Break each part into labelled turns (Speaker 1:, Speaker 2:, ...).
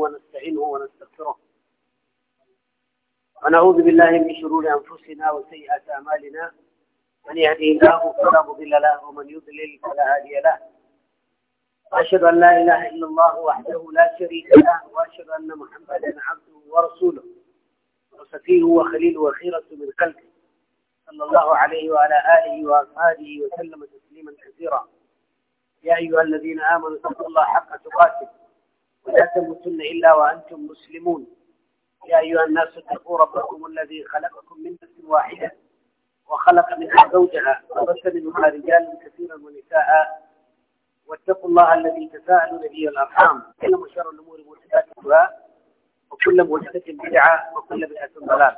Speaker 1: ونستعينه ونستغفره ونعوذ بالله من شرور أنفسنا وسيئات أعمالنا من يهدي الله فلا مضل له ومن يضلل فلا هادي له وأشهد أن لا إله إلا الله وحده لا شريك له وأشهد أن محمدا عبده ورسوله وصفيه وخليله وخيرة من خلقه صلى الله عليه وعلى آله وأصحابه وسلم تسليما كثيرا يا أيها الذين آمنوا اتقوا الله حق تقاته ولا تموتن إلا وأنتم مسلمون يا أيها الناس اتقوا ربكم الذي خلقكم من نفس واحدة وخلق منها زوجها وبث منها رجالا كثيرا ونساء واتقوا الله الذي تساءلون به الأرحام إن شر الأمور محدثاتها وكل محدثة بدعة وكل بدعة ضلال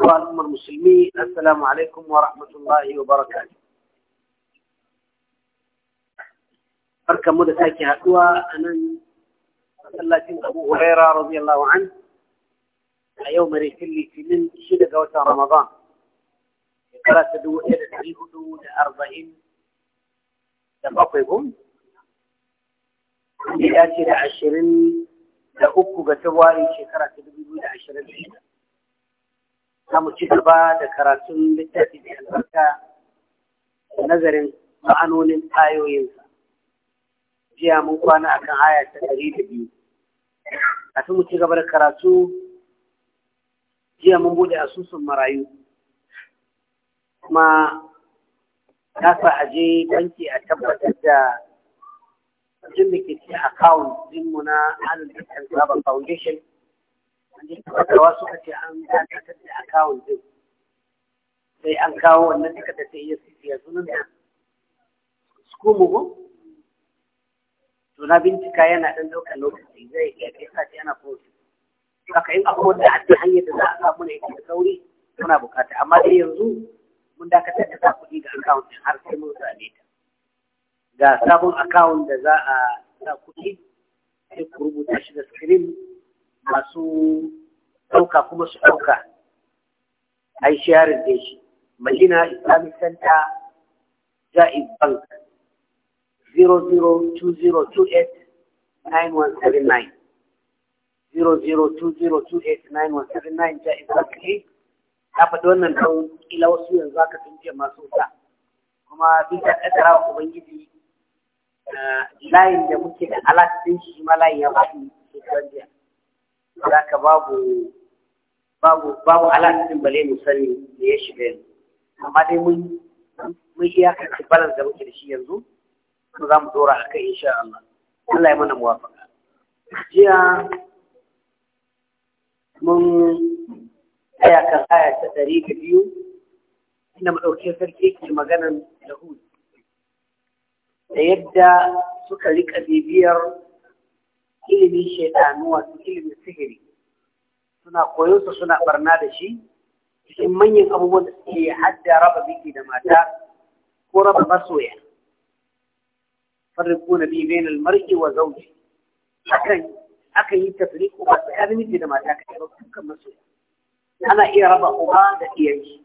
Speaker 1: أيها الأمة المسلمين السلام عليكم ورحمة الله وبركاته مركب مدة ساكي هاتوا أنا صلى أبو هريرة رضي الله عنه يوم ريت اللي في من شدة قوتها رمضان قال تدو إلى اليهود لأرضهم لقطبهم لآتي لعشرين لأكو بتواري شكرا تدو إلى عشرين تامو تشكبا دكراتون بالتاتي بحلقة نظر قانون آيوين صح jiya mun kwana akan aya ta ɗari da biyu kafin mu ci gaba da karatu jiya mun buɗe asusun marayu kuma ta sa a je banki a tabbatar da jin da ke cikin account mu na hannun dukkan sabon foundation an je tabbatarwa suka ce an dakatar da account ɗin sai an kawo wannan duka da ta iya sunan da school mu to na bincika yana ɗan ɗaukar lokaci zai iya kai sati ana kowace haka in akwai wanda a hanyar da za a samu na yake da sauri muna bukata amma dai yanzu mun dakatar da sa kuɗi ga akawun ɗin har sai mun zane ta ga sabon akawun da za a sa kuɗi sai ku rubuta shi da screen masu ɗauka kuma su ɗauka a yi sharing da shi Madina Islamic Center Jaiz Bank seven nine, ja exactly ta eh? faɗi wannan don ƙila wasu yanzu aka tunce masu wuta kuma bisa ƙasara wa ubangiji eh, layin da muke da alat shi ma layin ya faɗi shekaran babu babu babu alat ɗin bale mu sani da ya shiga yanzu amma dai mun mun iyakar balance da muke da shi yanzu kuma za mu dora a kai insha Allah Allah ya mana muwafaka jiya mun aya kan aya ta ɗari da biyu inda maɗaukin sarki ke maganan Yahud da yadda suka riƙa bibiyar ilimin shaidanu wasu ilimin sihiri suna koyonsa suna ɓarna da shi cikin manyan abubuwan da suke hadda raba biki da mata ko raba masoya yufarriquna bi bainal mar'i wa zawji akan aka yi tafriqu ba tsakanin da mata kai ba dukkan masoya ana iya raba uba da iyayen shi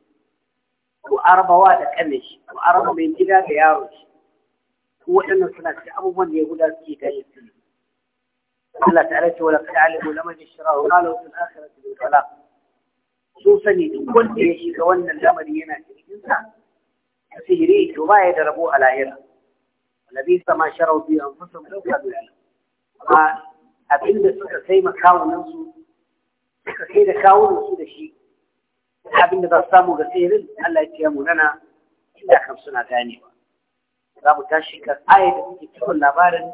Speaker 1: ko arabawa da kanin shi ko araba mai gida da yaro shi ko waɗannan suna cikin abubuwan da ya guda suke gare su Allah ta'ala ce wala ta'alimu laman yashrahu qalu sani duk wanda ya shiga wannan lamari yana cikin sa sihiri ba ya da rabo a lahira لبيس ما شروا في أنفسهم لو كانوا يعلمون فأبين بسوك الزي ما كاو نمسو كيدا كاو نمسو ده شيء أبين بسامو كثير هلا يتيامون أنا إلا خمسون أغاني رابو تاشيك آية بيجي تقول لبارن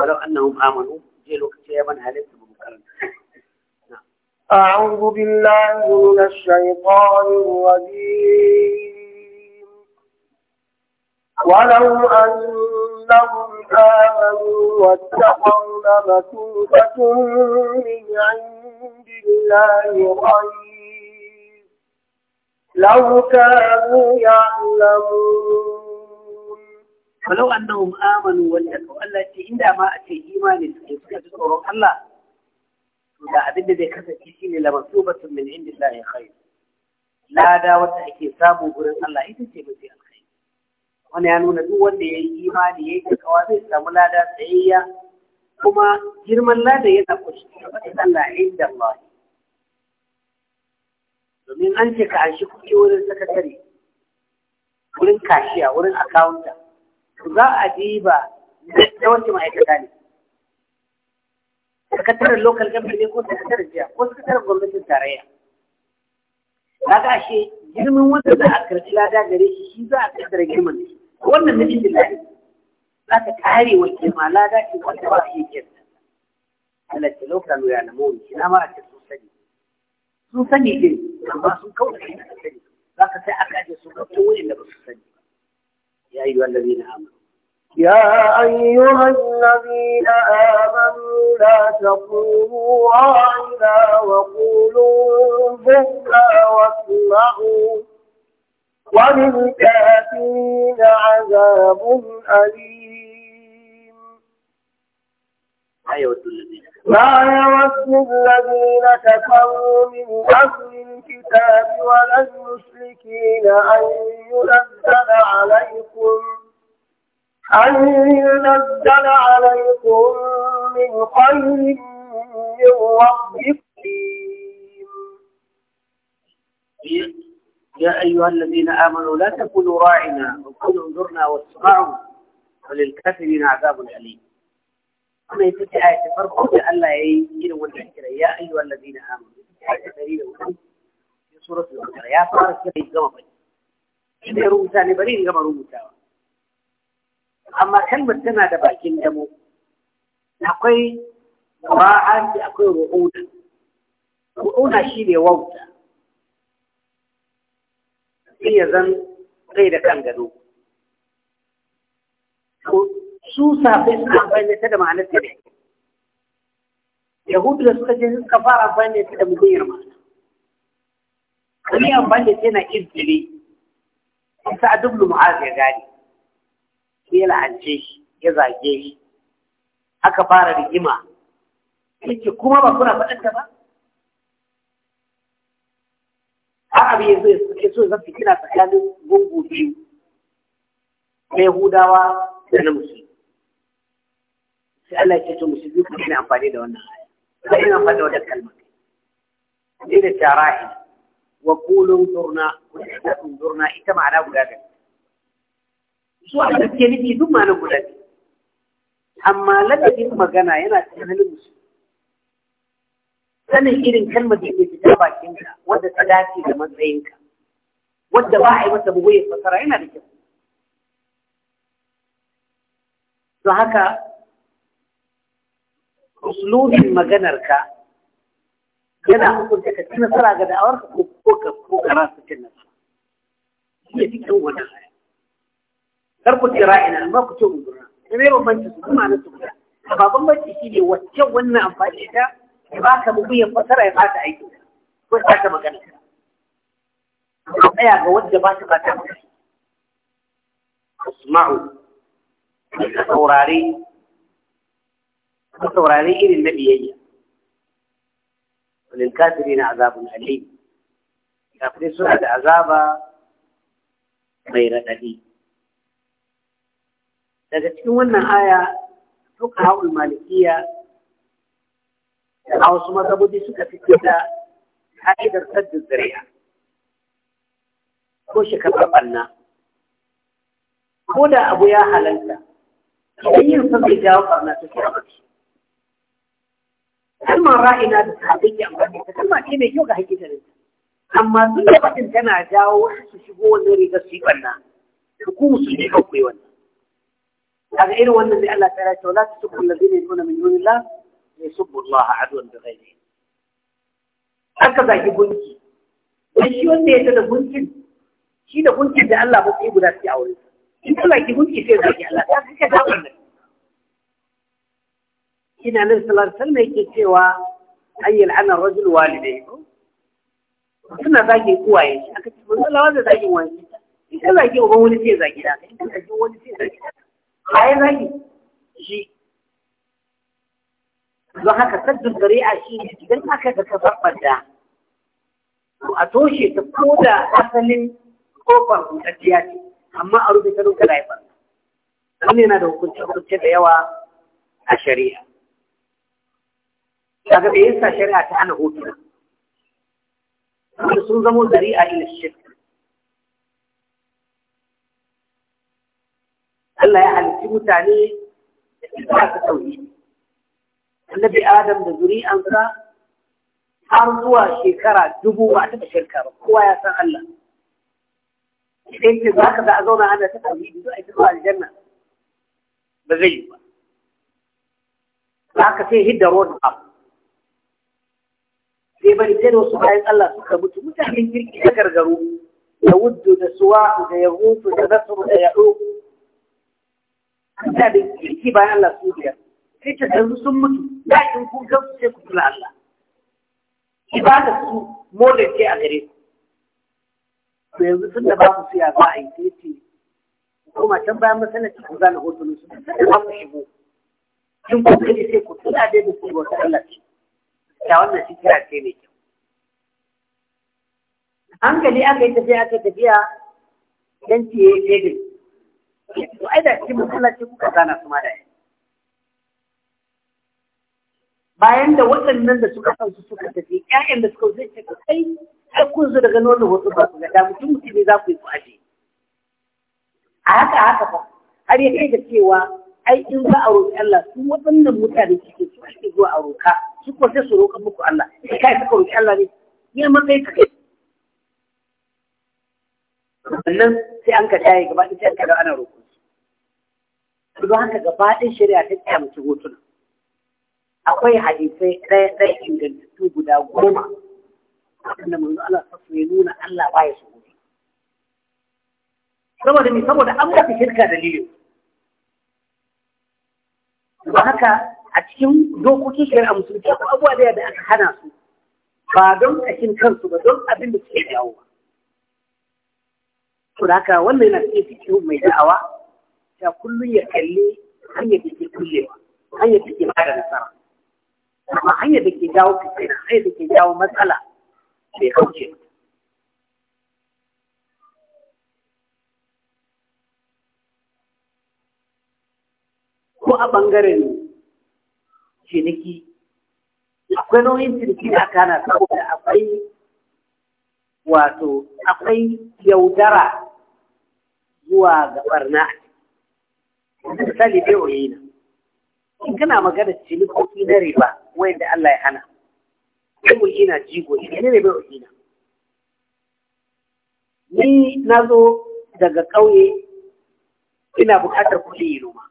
Speaker 1: ولو أنهم آمنوا جيلو كتيما هلت بمكرن
Speaker 2: نعم. أعوذ بالله من الشيطان الرجيم
Speaker 1: ولو أنهم
Speaker 2: آمنوا واتقوا لمثوبة من عند الله خير
Speaker 1: لو كانوا يعلمون فلو أنهم آمنوا واتقوا التي عندما أتي إيمان سيذكره الله da abin da zai kasance shi ne lamar tubatun min inda Allah ya khair lada wata ake samu gurin Allah ita ce mafi alkhairi wani ya nuna duk wanda ya yi imani ya yi kakawa zai samu lada tsayayya kuma girman lada yana kunshi da faɗin a inda Allah domin an ce ka anshi kuke wurin sakatare wurin kashiya wurin akawunta za a diba na wasu ma'aikata ne sakataren local government ne ko sakataren jiya ko sakataren gwamnatin tarayya kaga ashe girman wanda za a karɓi lada gare shi shi za a kaddara girman shi wannan na inda lahi za ka kare wa kima lada ce wanda ba shi ke Allah ce lokacin ya na namo shi na mara a ce sun sani sun sani din amma sun kawo da inda sani za ka sai aka ajiye su ga wurin da ba su sani ya yi wanda zai na amma
Speaker 2: يا أيها
Speaker 1: الذين آمنوا
Speaker 2: لا تقولوا راعنا وقولوا انظرنا واسمعوا وللكافرين عذاب أليم ما يود الذين كفروا من أهل الكتاب ولا المشركين أن ينزل عليكم أن ينزل عليكم من خير من
Speaker 1: ربكم يا أيها الذين آمنوا لا تكونوا راعنا وكونوا انظرنا واسمعوا وللكافرين عذاب أليم أنا يتكي آية فرق ألا يجين والحكرة يا أيها الذين آمنوا آية دليل في سورة البقرة يا فارس كيف يجمع بي إذا يروم ثاني بريد كما روم ثاني أما كلمة تنا دباكين دمو نقي راعا أقوي وعودا وعودا شيء وودا iya ya zan kai da kan gado su safi suka amfani da ta da ma'anar ta ne yahudu da suka je suka fara amfani da ta da muhimmiyar ma'ana wani amfani da ta yana izgiri ta a dublu mu'az ya gane ya la'ance shi ya zage shi aka fara rigima yake kuma ba kuna faɗin ta ba har abin yanzu ya suke so zan kina tsakanin gungu biyu na Yahudawa da na Musulmi. Sai Allah ya ce to Musulmi ku ina amfani da wannan hali. Sai ina amfani da wannan kalma. Ni da tarahi wa qulun durna da ihdatun durna ita ma'ana guda ne. Su a gaske nufi duk ma'ana guda ne. Amma ladabin magana yana tsakanin Musulmi sanin irin kalmar da ke fita ka wadda ta dace da matsayinka wadda ba a yi mata bugu ya fasara yana da kyau to haka uslubin maganarka yana hukunta ka ci nasara ga da'awarka ko ko ko kara su cin nasara shi ne cikin wannan kar ku tira ina amma ku ce ungurna da mai bambanci su kuma na su guda ba bambanci shi ne wacce wannan amfani da ya baka bugu ya fasara ya baka aiki ko ta ta magana ka tsaya ga wanda ba ta bata maka asma'u ka saurari ka saurare irin na biyayya Wani walil na azabun alim kafirai suna da azaba mai raɗaɗi daga cikin wannan aya fuka haul malikiya a wasu mazhabobi suka fito da ka'idar sadda zuriya ko shekarar ɓanna ko da abu ya halalta idan yin sa zai jawo ɓarna ta kira kalmar ra'ina da sahabbai ya amfani ta kalma ce mai kyau ga hakikanin amma duk da faɗin tana jawo wasu su shigo wannan rigar su yi ɓanna hukumu su ne kawai wannan daga irin wannan ne Allah ta race wala ne ko na min la? yasubbu Allah adwan da ghairi aka zaki gunki dan shi wanda ya da gunkin shi da gunkin da Allah mafi sai guda sai aure in ka zaki gunki sai zaki Allah ya kake da wannan ina nan sallallahu alaihi wasallam yake cewa ayyul ana da walidayhi suna zagin uwaye shi aka ce manzo Allah da zagin wani in ka zage uban wani sai zage da in ka zage wani sai zage da ai zage shi don haka saddun zari'a shi ne idan aka da ta barbada a toshe ta ko da asalin kofar hutattiya ce amma a rufe ta duka laifar ne yana da hukunce-hukunce da yawa a shari'a ga da sa shari'a ta ana hotuna wanda sun zamo zari'a ila shirka Allah ya halitti mutane da ta tauhidi annabi adam da zuri'ansa har zuwa shekara dubu ba ta shirka ba kowa ya san Allah idan za ka za a zauna ana ta tauhidi zuwa ita zuwa aljanna ba zai yi ba za ka sai hidda road map sai bari sai da wasu bayan Allah suka mutu mutane kirki ta gargaru da wuddu da suwa da yahudu da nasaru da yaɗo mutanen kirki bayan Allah su biyar sai da yanzu sun mutu ya in kun gamsu sai ku kula Allah ibada su more ce a gare ku to yanzu tun da ba ku siya ba a yi sai ce kuma can bayan masanaci ku zana hotunan su tun da ba ku shigo kin kokari sai ku tuna dai da ku wata Allah ce wannan shi kira ce mai kyau gani an ga tafiya aka tafiya dan ce ya yi daidai to ai da shi masallaci kuka zana su ma da shi bayan da waɗannan da suka kansu suka tafi ƴaƴan da suka zai ce kai ai kun zo daga nono wasu ba ku gada mutum mutum za ku yi ku aje a haka haka ba har ya kai da cewa ai in za a roƙi Allah su waɗannan mutane suke su ake zuwa a roƙa su ko sai su roƙa muku Allah sai kai suka roƙi Allah ne ya matsayi ka kai sannan sai an ka tayi gaba ɗaya sai an ka ana roƙo su ba haka gaba ɗaya shari'a ta kyamace hotuna akwai hadisai ɗaya ɗaya ingantattu guda goma wanda manzo Allah sassu ya nuna Allah ba ya so gobe saboda me saboda an ba shirka dalilin ba haka a cikin dokokin shari'a musulunci ko abubuwa da yadda aka hana su ba don kashin kansu ba don abin da suke jawo ba Ko da haka wannan yana cikin cikin mai da'awa ta kullum ya kalli hanyar da ke kullewa hanyar da ke bada nasara amma hanyar da ke jawo fitina hanyar da ke jawo matsala bai kauce ko a bangaren ciniki akwai nauyin ciniki da aka hana saboda akwai wato akwai yaudara zuwa ga barna misali bai oyi na in kana magana kofi na riba wanda Allah ya hana ko mu na jigo ne ne bai ina ni na zo daga ƙauye ina buƙatar kuɗi yi noma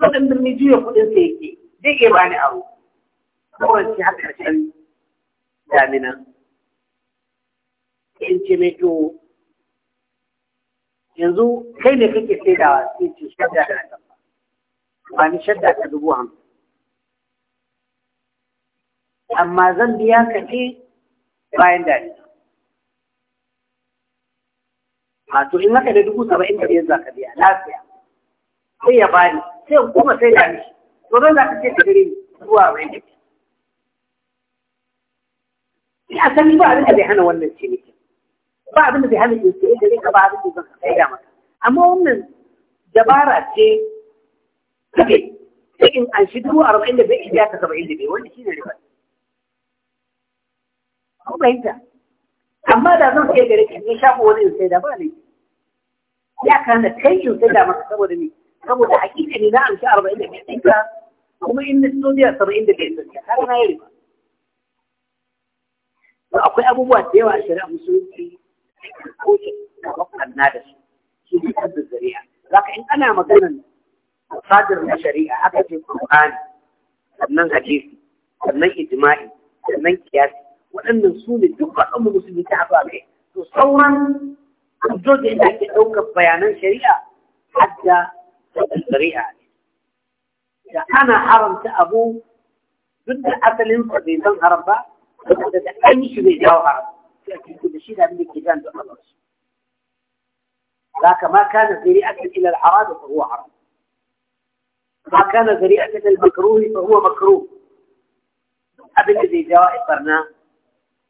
Speaker 1: kuɗin da ni jiya kudin sa yake zai iya bani aro kawai ce har ƙarshen damina in ce mai to yanzu kai ne kake da sai ce shi da ba ni shadda ta dubu hamsin amma zan biya ka ce bayan dariya a to in haka da dubu saba'in da biyar za ka biya lafiya sai ya bani sai kuma sai da mishi to don za ka ce ka gare zuwa mai da ni a sani ba abin da bai hana wannan ce nake ba abin da bai hana in ce da ne ka ba abin da zan ka kai da maka amma wannan dabara ce take in an shi dubu arba'in da zai iya ta saba'in da bai wanda shi ne riba ko fahimta amma da zan sai gare ka ne shafa wani in sai da ba ne ya kana kai in sai da maka saboda me saboda hakika ne na amshi arba'in da bai ɗinka kuma in na sojiya saba'in da bai ɗinka har na yi riba to akwai abubuwa da yawa a shari'a musulunci ko ce da bakwanna da su shi ne kan zariya zaka in ana maganar masadir na shari'a aka ce Qur'ani sannan hadisi sannan ijma'i sannan kiyasi waɗannan su ne duk waɗannan musulmi ta haɗu a kai sauran hujjojin da ake ɗaukar bayanan shari'a hadda da shari'a da ana haramta abu duk da asalin sa bai san haram ba saboda da an shi bai jawo haram da haram ما كان ذريعة المكروه فهو مكروه أبي الذي جاء قرنا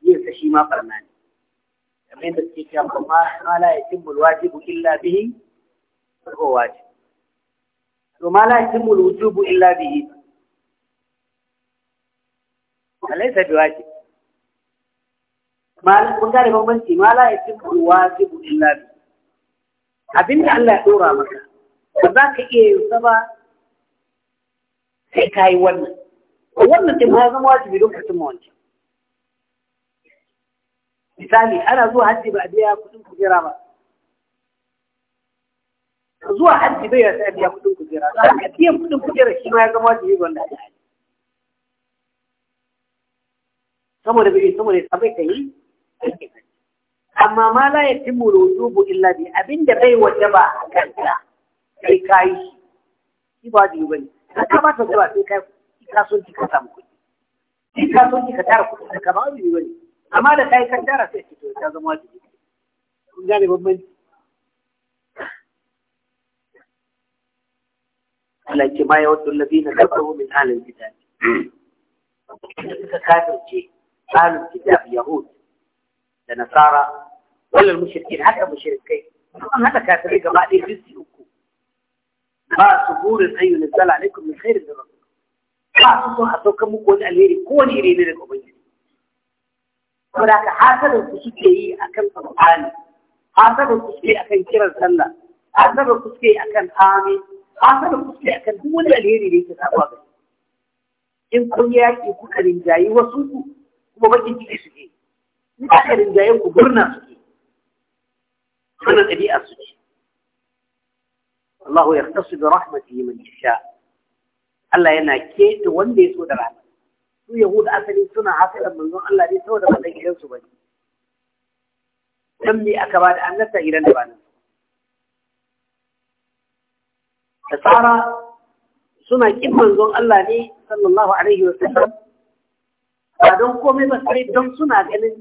Speaker 1: يفشي ما قرنان من ذلك ما ما لا يتم الواجب إلا به فهو واجب وما لا يتم الوجوب إلا به فليس بواجب ما لا يتم الواجب إلا به أبين الله دورا مكا فذاك إيه سبا sai ka yi wannan wannan ɗin ma zama wajibi lokacin ma wancan misali ana zuwa hajji ba a biya kuɗin kujera ba zuwa hajji bai ya sai biya kuɗin kujera za a biyan kuɗin kujera shi ma ya zama wajibi ga wanda aka saboda bai saboda ya bai kai amma ma la yatimmu da wujubu illa bi abinda bai wajaba a kanta kai kayi shi ba ba ne. ka kamata zuwa sai ka kasuwanci ka samu kuɗi in kasuwanci ka tara kuɗi ka kama wajibi bane amma da kai kan tara sai fito ta zama wajibi kun gane bambanci Allah ce ma ya wadda labina kafaru min alal kitab suka kafirce alal kitab yahud da nasara wallal mushrikin haka mushrikai an hada kafirai gaba ɗaya jinsi uku ba su burin an yunzala alaikum min khairin da rabbikum ba su so a sauka muku wani alheri ko wani iri ne daga Kuma saboda ka hasarar ku suke yi akan alqur'ani hasarar ku suke akan kiran sallah hasarar ku suke akan hami hasarar ku suke akan duk wani alheri da yake sabuwa gari in kun yaƙi kuka rinjayi wasu ku kuma bakin ciki suke in aka rinjaye ku murna suke wannan ɗabi'a suke Allahu yaqtasu bi rahmatihi man yasha Allah yana keta wanda ya so da rahama su yahuda asali suna hasadan manzon Allah ne saboda ba dan gidansu ba ne dan me aka ba da annabta gidan da ba nan Nasara suna kin manzon Allah ne sallallahu alaihi wa sallam ba don komai ba sai don suna ganin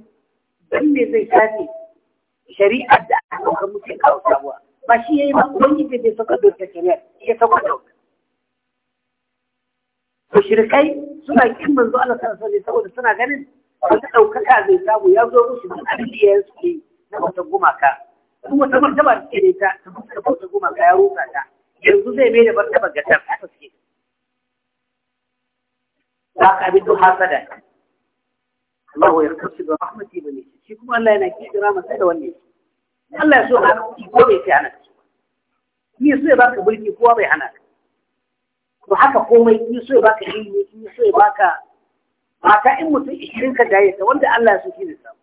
Speaker 1: dan ne zai shafe shari'ar da aka kawo musu kawo sabuwa ba shi yi ba yi bai saka dutse shari'a ya saka da to shirkai suna kin manzo Allah sana sani saboda suna ganin wata daukaka zai samu ya zo rushe da yi suke na wata gumaka kuma wata martaba da ke ta ta fuskar wata gumaka ya rusa ta yanzu zai mai da martaba ga ta haka suke za ka bi duk hasada Allah ya kasu da rahmati bane shi kuma Allah yana kira masa da wannan Allah ya so hana kuɗi ko bai kai ana ni so ya baka mulki kowa bai hana ka to haka komai ni so ya baka ilimi ni so ya baka mata in mutum ishirin ka da ta wanda Allah ya so shi ne samu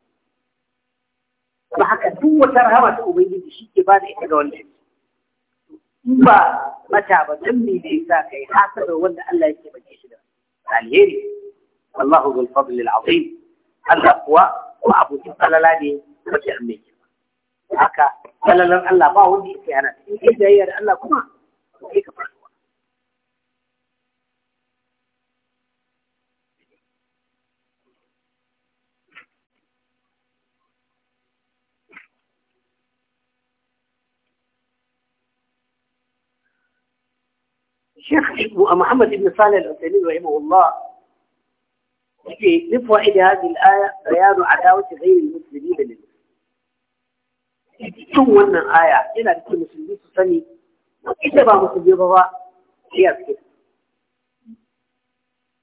Speaker 1: ba haka duk wata rahama ta ubangiji shi ke ba da ita ga wanda in ba mata ba dan me ne sa kai haka da wanda Allah yake bace shi da alheri wallahu bil fadl al azim Allah kuwa ko abu talala ne ta amme haka falalar Allah ba ما ودي yana in هي jayayya da Allah kuma الشيخ محمد بن صالح العثيمين رحمه الله في فوائد هذه الآية بيان عداوة غير المسلمين للمسلمين cikin wannan aya yana da ke musulmi su sani ita ba musulmi ba ya fi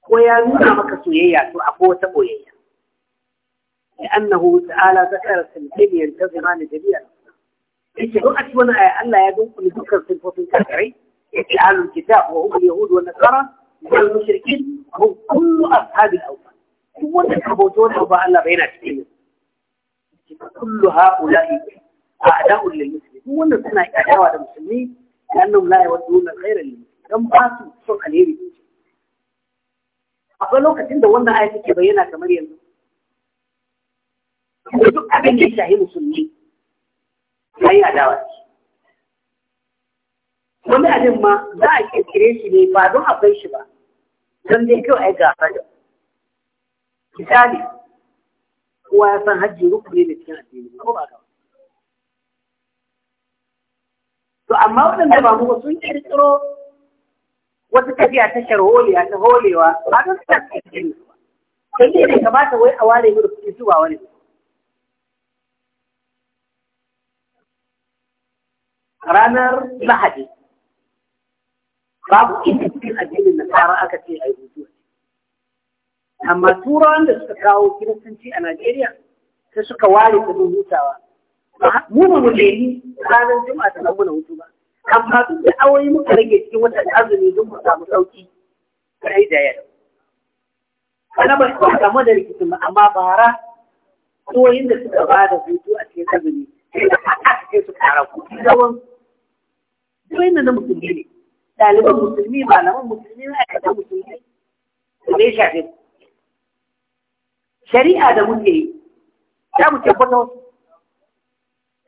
Speaker 1: ko ya nuna maka soyayya to a ko wata boyayya ya annahu ta'ala ta tsara sanfani ya ta zama na jami'a yake don a aya Allah ya don kuma dukkan sanfofin kakarai ya ce alun kita wa hukun yahudu wa nasara wal mushrikin hu kullu ashabi al-awwal duk wanda ka bauta wani ba Allah ba yana cikin ne kullu ha'ula'i a'da'ul lil muslimin duk wannan suna adawa da musulmi annahum la yawadduna khairan lil dan ba su son alheri akwai lokacin da wannan aya take bayyana kamar yanzu duk abin da ya shahi musulmi yayi adawa wani abin ma za a kirkire shi ne ba don akwai shi ba don dai kawai ai gafa da misali kowa ya san hajji rukuni da cikin addini ko ba ka to amma waɗanda ba mu sun kirkiro wata tafiya ta sharholiya ta holewa ba don su tafi cikin su ba sai ne da kamata wai a ware mu da kuɗi su ba wani ranar lahadi babu inda cikin addinin nasara aka ce a yi hutu amma turawan da suka kawo kiristanci a najeriya sai suka ware kudin hutawa mu ba mu leni ranar juma'a ta nan muna hutu ba amma duk da awoyi muka rage cikin wata da azumi duk mu samu sauki kai da yau ana ba ku samu da rikicin ba amma bara awoyin da suka ba da hutu a cikin azumi sai da aka kai su kara ku gawan duwayin na musulmi ne ɗaliban musulmi malaman musulmi na ma'aikatan musulmi su ne shafe shari'a da muke yi za mu tabbata wasu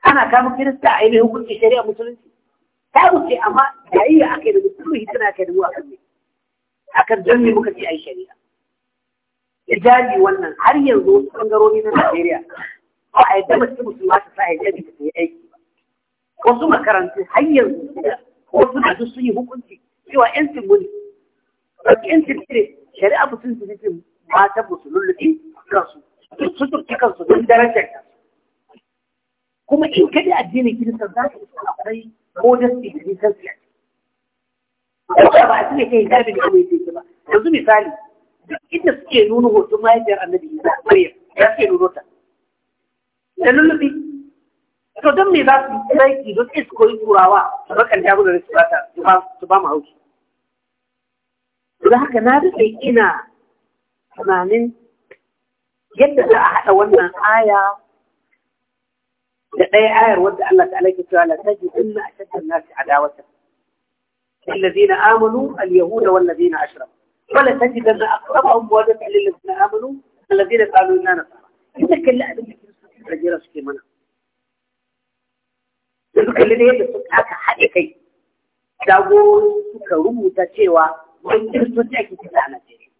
Speaker 1: ana kama kirista a yi hukunci shari'a musulunci ta wuce amma da yi a kai da musulunci tana kai da mu a kan ne a kan don ne muka ce a yi shari'a ya jaji wannan har yanzu wasu ɓangarori na najeriya ba a yadda mace musulma ta sa a yadda ta yi aiki wasu makarantu har yanzu wasu da su sun yi hukunci cewa yan simbuli ɗauki yan simbuli shari'a musulunci ne ba ta musulunci kansu su turki kansu don darajar kansu kuma in ka kaɗi addinin kirista za ka isa akwai modesty da decency a ciki. Yau ba a cire kai hijabin da mai ce ba. Yanzu misali, duk inda suke nuna hoton mahaifiyar annabi Isa Maryam ya suke nuno ta. Da lullubi, to don me za su yi tsiraki don iskoyi turawa su bakan jamu da su bata su ba mu haushi. Da haka na rufe ina tunanin yadda za a haɗa wannan aya da ɗaya ayar wadda Allah ta'ala ke cewa la tajidanna ashadda an-nasi adawatan الذين آمنوا اليهود والذين أشركوا ولا تجد أن أقربهم مودة للذين آمنوا الذين قالوا إنا نصارى إنك لا أدري كيف تجرى سكيمنا duk ne da suka aka haɗe kai dago suka rubuta cewa wani kiristoci ake kisa a Najeriya.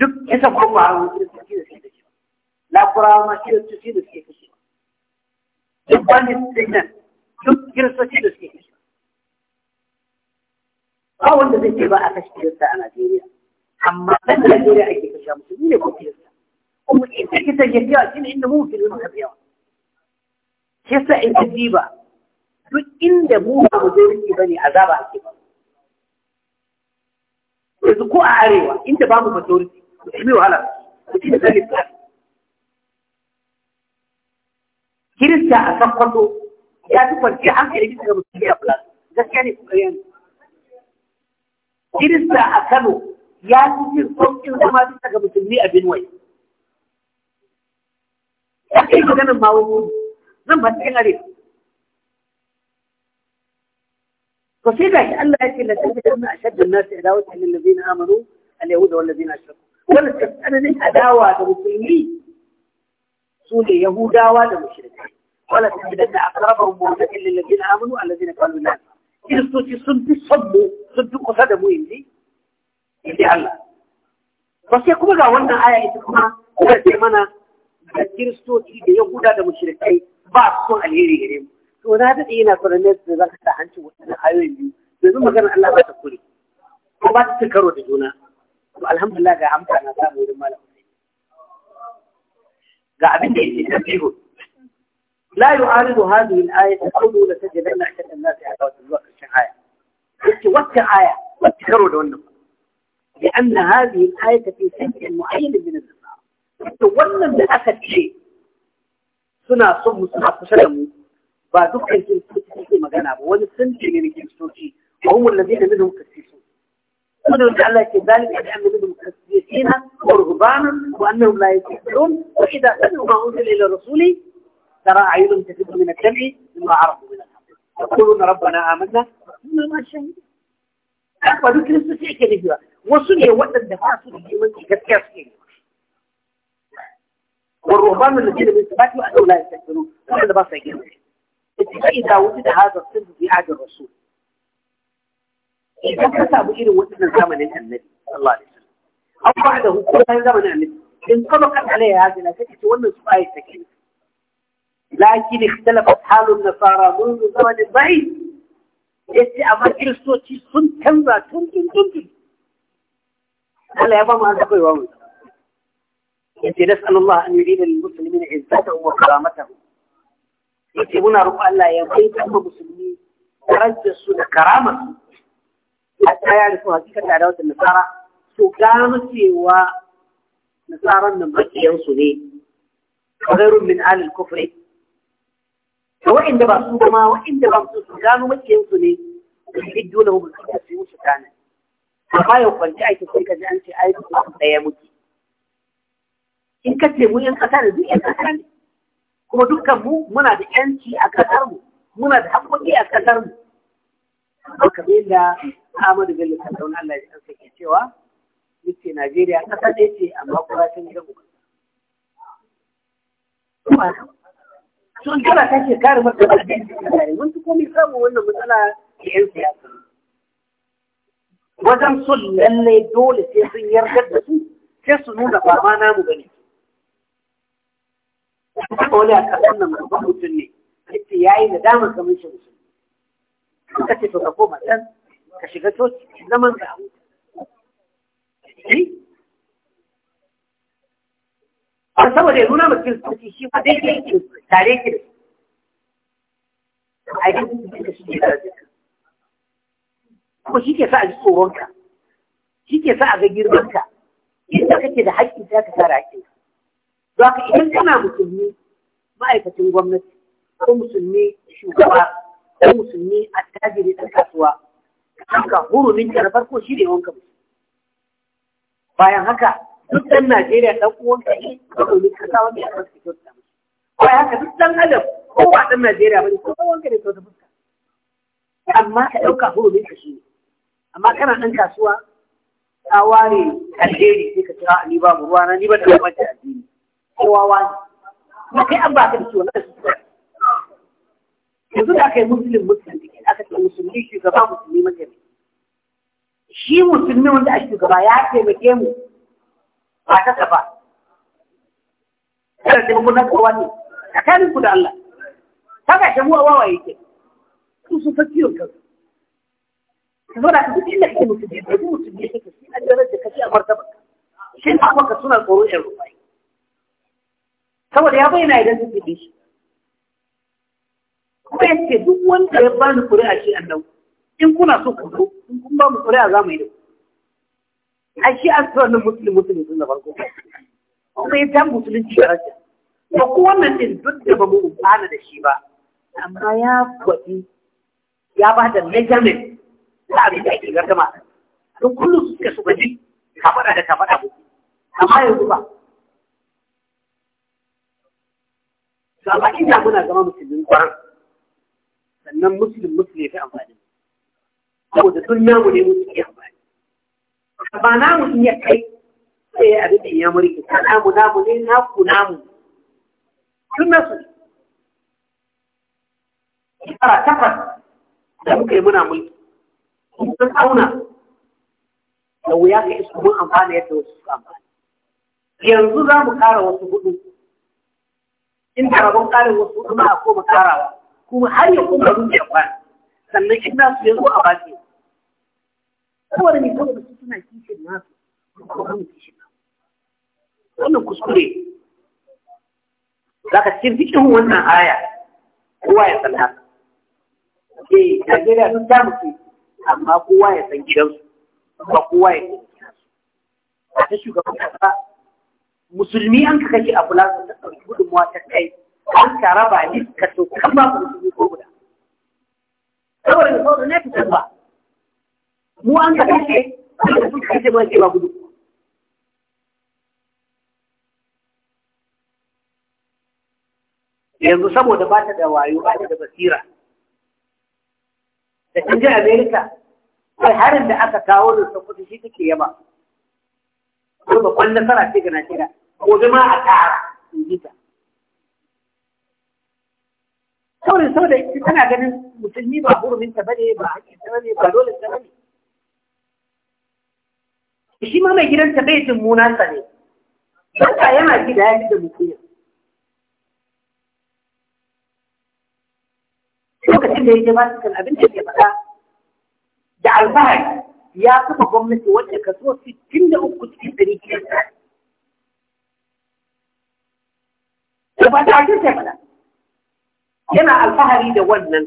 Speaker 1: Duk kisa kuma a wani kiristoci da da shi. ma da suke dan signan duk kiristoci da suke kashe ba wanda zai ce ba a kashe kirista a Najeriya amma dan Najeriya ake kashe musulmi ne ko kirista kuma ita kita ya fiya shi ne inda mu musulmi muka fiya shi yasa in ka diba duk inda mu ba mu zai bane azaba ake ba yanzu ko a arewa inda babu majority musulmi wahala mutum da zai kirista a kan ya fi kwanci hankali bisa ga musulmi a kula. gaskiya ne kuma yanzu kirista a kano ya fi jin sauƙin zama bisa ga musulmi a benue ya kai maganin mawo zan ba cikin arewa to sai ga shi Allah ya ce la tajidanna ashadda an-nasi adawatan lil ladina amanu al-yahuda wal ladina ashraku wannan tsananin adawa da musulmi su ne yahudawa da mushrikai wala tajidanna aqrabahum mu'minin lil ladina amanu alladina qalu la kiristoci sun fi son mu sun fi kusa da mu yanzu yanzu Allah ba sai kuma ga wannan aya ita kuma kuma ce mana da kiristoci da yahuda da mushrikai ba su son alheri gare mu to na daɗe yana son ne da za ka ta hancin wannan ayoyin biyu domin magana Allah ba ta kure ko ba ta karo da juna to alhamdulillah ga amsa na samu wurin malam ga abin da yake tafiho la yu'aridu hadhihi al-ayatu qawlu la tajidanna akthara an-nasi adawatan zuwa karshen aya yace wacce aya wacce karo da wannan لأن هذه الآية في سنة معين من النصارى wannan da aka ce suna son mu suna kusa da mu ba dukkan kiristoci suke magana ba wani sun ce ne kiristoci wa hum alladhina minhum qasisun قدروا تعالى كذلك أن يعملوا المسلمين ورهبانا وأنهم لا يتحدون وإذا سمعوا ما أنزل إلى رسولي ترى أعينهم تفيد من الدمع مما عرفوا من الحق يقولون ربنا آمنا ما شيء أخوة كريستو سيكي نجوا وصلي وقت الدفاع سيكي من كثير والرهبان الذين من ثبات وأنهم لا يستكبرون وهذا بس يجب فإذا وجد هذا الصدق في عهد الرسول idan ka samu irin wannan zamanin annabi sallallahu alaihi wasallam an ba da hukumar zamanin annabi in kama kan alai ya gina kake ce wannan su ayi take lakin ikhtalafa halun nasara منذ zaman ba'id yace amma kiristoci sun canza tun tun tun Allah ya ba mu haka kaiwa mu yace nas'alullah an yurida lil muslimin izzatahum wa karamatuhum yace muna roƙo Allah ya kai kuma musulmi darajar su da karamar da ya rufu hakikar da wata nasara su gano cewa nasaran nan bakiyansu ne kagairun min alil kufri da wa'inda ba su kuma wa'inda ba su su gano bakiyansu ne da shi dole mu su su musu kana amma ya kwanci aiki sai ka ji an ce ai duk su daya muke in ka ce mu yan ƙasa da duk yan kasa ne kuma dukkan mu muna da yanci a kasar mu muna da haƙoƙi a kasar mu haka bai da Ahmadu Bello Sardauna Allah ya kansa ke cewa yace Najeriya kasa ne ce amma kuma sun ga kuma sun kana ta ke kare maka addini mun ci komai samu wannan matsala ke yan siyasa wajen sun lalle dole sai sun yarda da su sai su nuna ba ma namu bane wani a ƙasar nan mutum ne yace yi nadamar kamar shi mutum suka ce to ka koma can ka shiga coci zaman ka eh? a saboda ya nuna mutum sauki shi ma dai ke tare ki da a yi da shi ke da kuma shi ke sa a ji tsoronka shi ke sa a ga girmanka inda kake da haƙƙin sai ka tsara haƙƙi don haka idan kana musulmi ma'aikacin gwamnati ko musulmi shugaba ɗan musulmi a tajiri ɗan kasuwa haka hurumin ka na farko shi ne wanka bayan haka duk ɗan Najeriya ɗan uwanka ne ka ɗauki kasa wanda ya fara kyauta ta bayan haka duk ɗan Adam ko ba ɗan Najeriya bane ko ɗan wanka ne wata fuska amma ka ɗauka hurumin ka shi ne amma kana ɗan kasuwa ka ware alheri sai ka kira ni ba mu ruwa na ni ba da wani addini kowa wani ma kai an ba ka da ciwon nan yanzu da aka yi musulun musulun aka ce musulmi shugaba musulmi mutane shi musulmi wanda a shugaba ya taimake mu ba ta kafa kada da mun kowa ne tsakanin ku da Allah saka shi mu wawa ke su su fa ciwon kansu ka zo da ka duk inda kake musulmi da duk musulmi kake shi an jarar da kashi a martaba shi ne abuwa ka suna tsoron yan rufai saboda ya bayyana idan su fi shi kuma ya ce duk wanda ya bani ƙuri'a shi annabi in kuna so ku zo in kun ba mu ƙuri'a za mu yi da ku ai shi an tsara musulun-musulun tun da farko kuma ya ta musulunci a rasa Ba ko wannan din duk da ba mu umfana da shi ba amma ya kwaɗi ya ba da measurement ta abin da ake gardama don kullum suka su gaji kafaɗa da kafaɗa ku amma yanzu ba to amma ina muna zama musulmin kwarar sannan muslim muslim ya fi amfani saboda sun namu ne musu ya amfani ba namu in ya kai sai abin da ya murke ta namu namu ne na ku namu sun nasu shekara takwas da muka yi muna mulki sun auna da wuya ka isu mun amfani yadda wasu suka amfani yanzu za mu kara wasu hudu in da rabon karin wasu hudu ma a koma karawa kuma har yi kuma abin ya kwana sannan shi nasu ya zo a baki kowar ne da su suna kishin nasu ko kuma kishin nasu wannan kuskure Za ka cikin cikin wannan aya kowa ya san haka eh Najeriya sun ta mutu amma kowa ya san gidansu ba kowa ya san gidansu a ta shugaban kasa musulmi an ka kashe a da ta ɗauki gudunmawa ta kai an ka raba ni ka to kan ba ku ko guda saboda ne saboda ne ta ba mu an ka kace an ka ce ba ke ba gudu yanzu saboda ba ta da wayo ba ta da basira da kan ji amerika kai harin da aka kawo da saboda shi take yaba ko ba kwallon sara ce ga najeriya gobe ma a ƙara in ji ta سوري سوري انا قاعدين مسلمين بعبور من تبني بعبور قالوا لي تبني شي ما ما يجرن تبيت المناسبه بس ايام اكيد هاي كده مثير شو كتب لي جماعه كان ابنتي في بقى جعل بعد يا طب قمت وجه كسوه في كل اوقات في الطريق يا بابا عايز تعمل ايه yana alfahari da wannan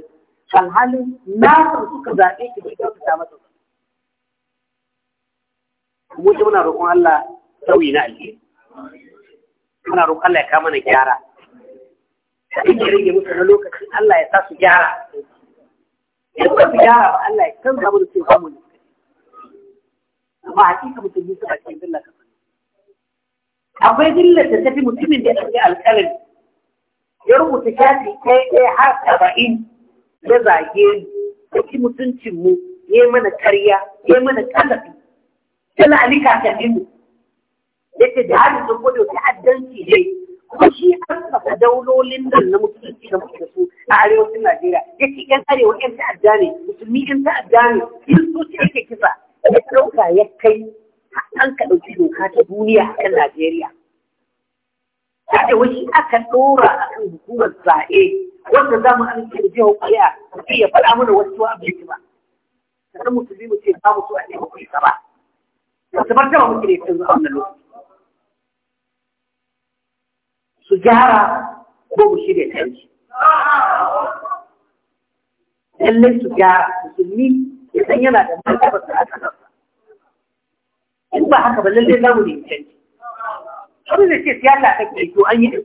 Speaker 1: alhalin nasar suka zaɓe shi bai kyautata masa ba mu ce muna roƙon Allah sauyi na alheri muna roƙon Allah ya kama na gyara da ake rage musu na lokacin Allah ya sa su gyara
Speaker 2: Ya ba su gyara
Speaker 1: ba Allah ya canza mu da ce ba mu ne amma hakika mutum yi su ba cikin dillata akwai dillata tafi mutumin da ya ɗauki alƙalami ya rubuta shafi kai ɗaya har saba'in ya zage ni ya ci mutuncinmu ya yi mana karya ya yi mana kalafi tana alika ta mu ya ce da hali sun gudu addanci ne kuma shi an saka daulolin nan na mutunci da muke su a arewacin Najeriya ya ce yan arewa yan ta'adda ne musulmi yan ta'adda ne soci ake kisa ya ɗauka ya kai an ka ɗauki doka ta duniya a kan Najeriya. Kada wasu aka ɗora a kan hukumar zaɓe wanda za mu amince da jihar ƙuri'a sai ya faɗa mana wasu wa abinci ba. Sannan musulmi mu ce ba mu so a ɗaya kuɗi ba. bar martaba muke da yanzu a wannan lokaci. Su gyara ko mu shirya canji. Lallai su gyara musulmi idan yana da martaba su a ƙasarsa. In ba haka ba lallai za mu nemi canji. wani da ce siyasa ta ke to an yi da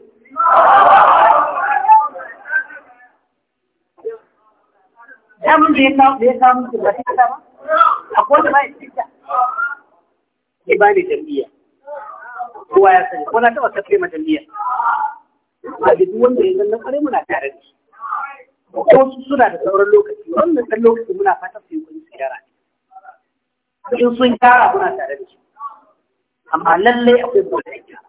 Speaker 1: damun da ya samu da ya samu su ba ta ba akwai da ba ya cika ya ba ne jam'iyya kowa ya sani kowa na taɓa kafe ma jam'iyya ba da duk wanda ya zannan ƙwarai muna tare da shi ko su suna da sauran lokaci wannan ɗan lokaci muna fatan su yi kun su gyara in sun gyara muna tare da shi amma lallai akwai mota gyara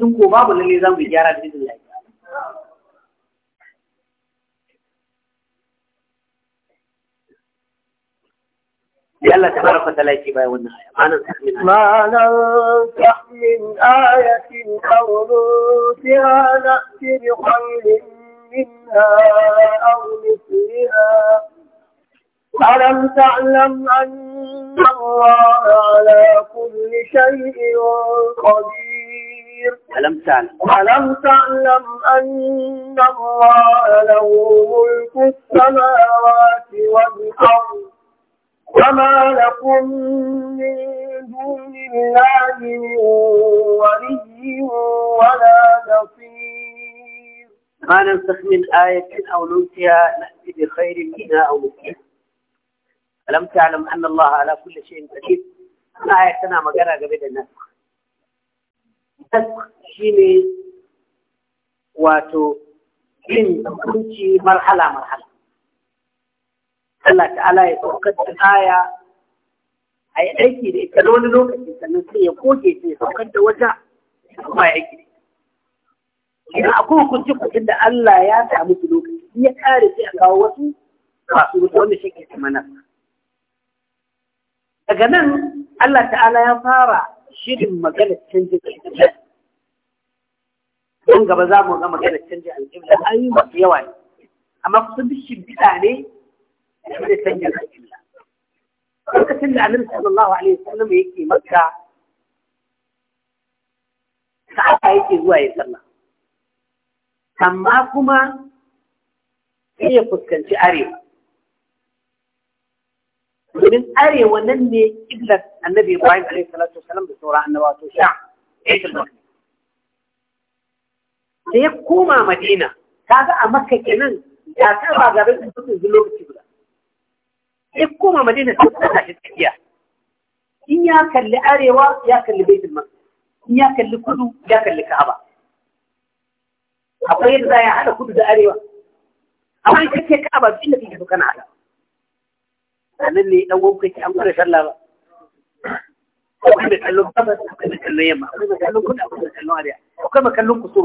Speaker 1: يلا تبارك وتعالى والنهاية ما ننسخ
Speaker 2: من آية أو نأتي بخير منها أو مثلها ألم تعلم أن الله على كل شيء
Speaker 1: قدير ألم تعلم
Speaker 2: ألم تعلم أن الله له ملك السماوات والأرض وما لكم من دون الله من ولي ولا نصير
Speaker 1: ما ننسخ من آية أو ننسها نأتي بخير منها أو مثلها ألم تعلم أن الله على كل شيء قدير ما آية سنة مقرأ قبل النسخ Nask shi ne wato yin hukunci marhala-marhala. Allah ta'ala ya saukar da aya a yi aiki da ita wani lokaci sannan sai ya koke ta ya saukar da wata kuma ya aiki Idan akwai hukunci kuɗin da Allah ya samu su lokaci, ya kare sai a kawo wasu masu wuce wanda shi ke Daga nan Allah ta'ala ya fara shirin maganar canjin alƙibla don gaba za mu ga maganar canjin alƙibla an yi masu yawa ne amma kusa duk shimfiɗa ne da canjin alƙibla lokacin da annabi sallallahu alaihi wasallam yake makka sa'ata yake zuwa ya sallah amma kuma sai ya fuskanci arewa domin arewa nan ne iblat annabi ibrahim alaihi salatu wasalam da sauran annabawa to sha Sai ya koma madina kaga a makka kenan ya ta ba garin da suka zuwa lokaci guda ya koma madina ta tsaka shi tsakiya in ya kalli arewa ya kalli baitul maqdis in ya kalli kudu ya kalli ka'aba akwai yadda za ya hada kudu da arewa amma in kace ka'aba inda kake so kana hada sannan ne dan wanka an fara sallah ba akwai mai kallon akwai mai kallon yamma akwai mai kallon akwai mai kallon akwai mai kallon wasu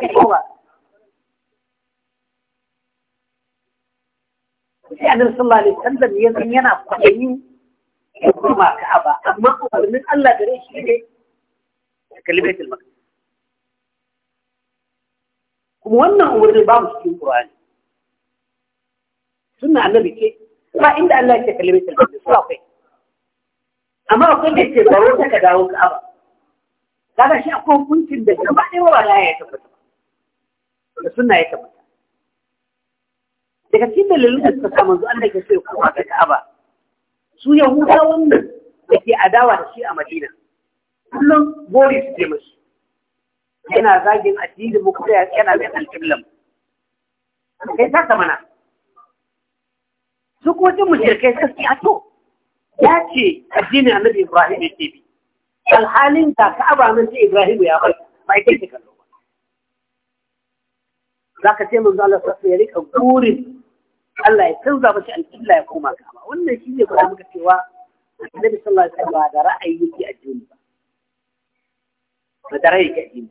Speaker 1: ka kowa sai ya yana ya amma umarnin Allah gare shi ne kuma wannan umarnin babu cikin qur'ani suna annabi ce ba inda Allah yake kalle mai talbiyar su akwai amma akwai da ke baro ta ka dawo ka ba kaga shi akwai hukuncin da gaba ɗaya wa la ya tabbata ba da suna ya tabbata daga cikin dalilin da suka da ke Allah ya ce ko ka aba su yahudawan nan da ke adawa da shi a madina kullum gori su je masu yana zagin addinin mu kuma yana bin alƙiblan kai ta mana Duk kuma jin mushrikai sai su ato ya ce a nabi Ibrahim ya ce bi alhalin da Ka'aba nan ce Ibrahim ya bai ba a kai kallo ba Za ka ce manzo Allah sassu ya rika gurin Allah ya canza mace alƙilla ya koma kama wannan shi ne kuma muka cewa annabi sallallahu alaihi wasallam da ra'ayi yake addini ba ba da ra'ayi yake addini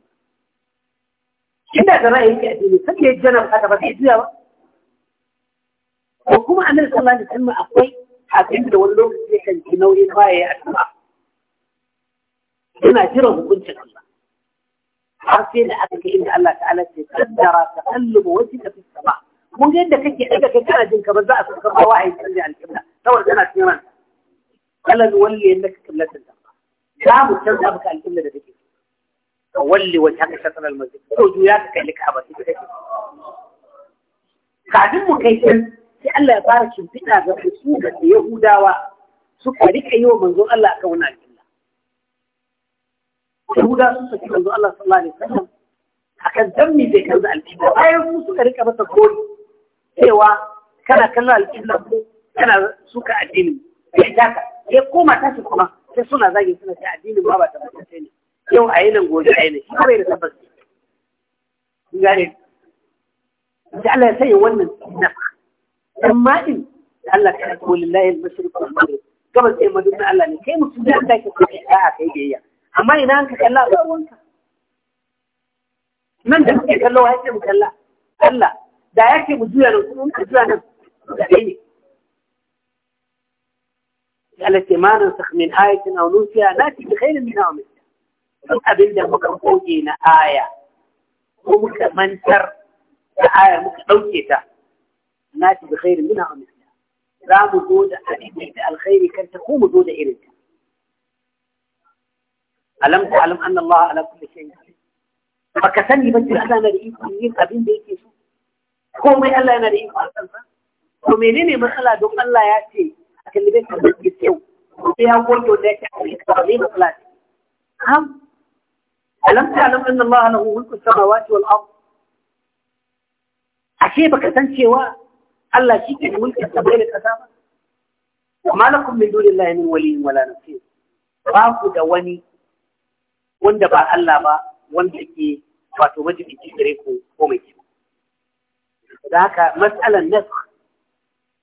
Speaker 1: inda da ra'ayi yake addini sai ya janar haka ba sai juya ba ko kuma a nan sallah da sallah akwai abin da wani lokaci ya kan ji nauyi ba ya yi addu'a yana jiran hukuncin Allah har sai da aka ga inda Allah ta'ala ce kaddara taqallubu wajhika fi sama mun ga yadda kake daga kai kana jin kamar za a saka ba wahayi canza alƙibla saboda kana cikin ran kalan walli yannaka qiblatan za mu canza maka alƙibla da kake ka walli wajhaka shatr al-masjid Ko ya ka kai ka ba kake kafin mu kai can sai Allah ya fara shimfiɗa ga su da Yahudawa suka rika yi wa manzon Allah akan wani alƙilla. Yahudawa sun saki manzon Allah sallallahu alaihi wasallam akan dan me zai canza alƙibla bayan su suka rika masa kori cewa kana kallon alƙibla ko kana suka addini sai taka ya koma tashi kuma sai suna zagi suna ce addinin ma ba tabbatacce ne yau a yi nan gobe a yi nan shi bai da tabbas gane da Allah ya sanya wannan nafa تمام الله كتب لله المشرك المغرب كما سي مدن الله ني كاي ان انت لك لا كاي جيا اما ان انت كلا وانك من ده كي كلا وهي كي كلا كلا دا يكي مجيا لو كنت مجيا انا دايني قال سي ما نسخ من آية أو نوسيا ناتي بخير من نوم أبين ده مكبوجينا آية ومكمنتر آية مكبوجينا ناتي بخير منها ومثلها رام وجود الخير كان تقوم وجود إليك ألم تعلم أن الله على كل شيء عليك فكثني بجي أنا نريد كنين قبين بيكي شو كومي ألا نريد كومي ليني مخلا دوم ألا ياتي أكل اللي بيكي بيكي سيو وفيها ولد وليك أكل اللي هم ألم تعلم أن الله له ملك السماوات والأرض أشيبك تنشي واحد Allah shi ke da ta bai da ƙasa ba. Amma na kun min dole Allah min waliyin wala nasir. Ba ku da wani wanda ba Allah ba wanda ke wato majibiki gare ku ko mai kiwo. Da haka matsalan nas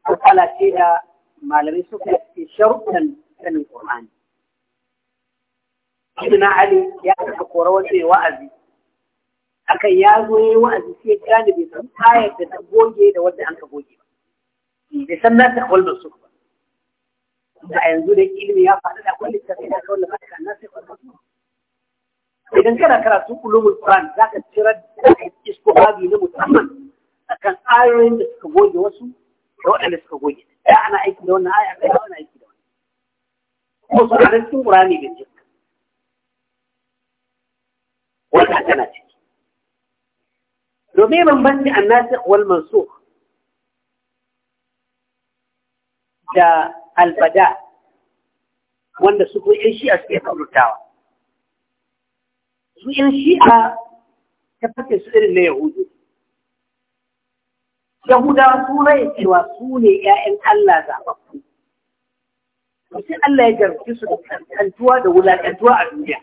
Speaker 1: matsala ce da malamai suka ce sharuɗan sanin Qur'ani. Ibn Ali ya aka kora wani wa'azi aka ya zo yi wa'azi sai ya gane bai san tayar da ta goge da wadda an ka goge ba bai san na ta kwallon su ba da a yanzu da ilimi ya faɗi da kwallon ta sai da kawai da faɗi na sai kwallon su idan kana karatu ulumul qur'an zaka tira da babu na musamman akan ayoyin da suka goge wasu da waɗanda suka goge ya ana aiki da wannan aya kai ana aiki da wannan Kuma su da cikin qur'ani da jikka wannan tana ce domin bambanci annasi wal mansukh da albada wanda su kuma ‘yan shi'a suke kaurutawa. Su ‘yan shi'a ta fata su irin na Yahudu. Yahudawa su rai cewa su ne ‘ya'yan Allah zaɓaɓɓu. Sai Allah ya jarfi su da kantuwa da wulaƙantuwa a duniya.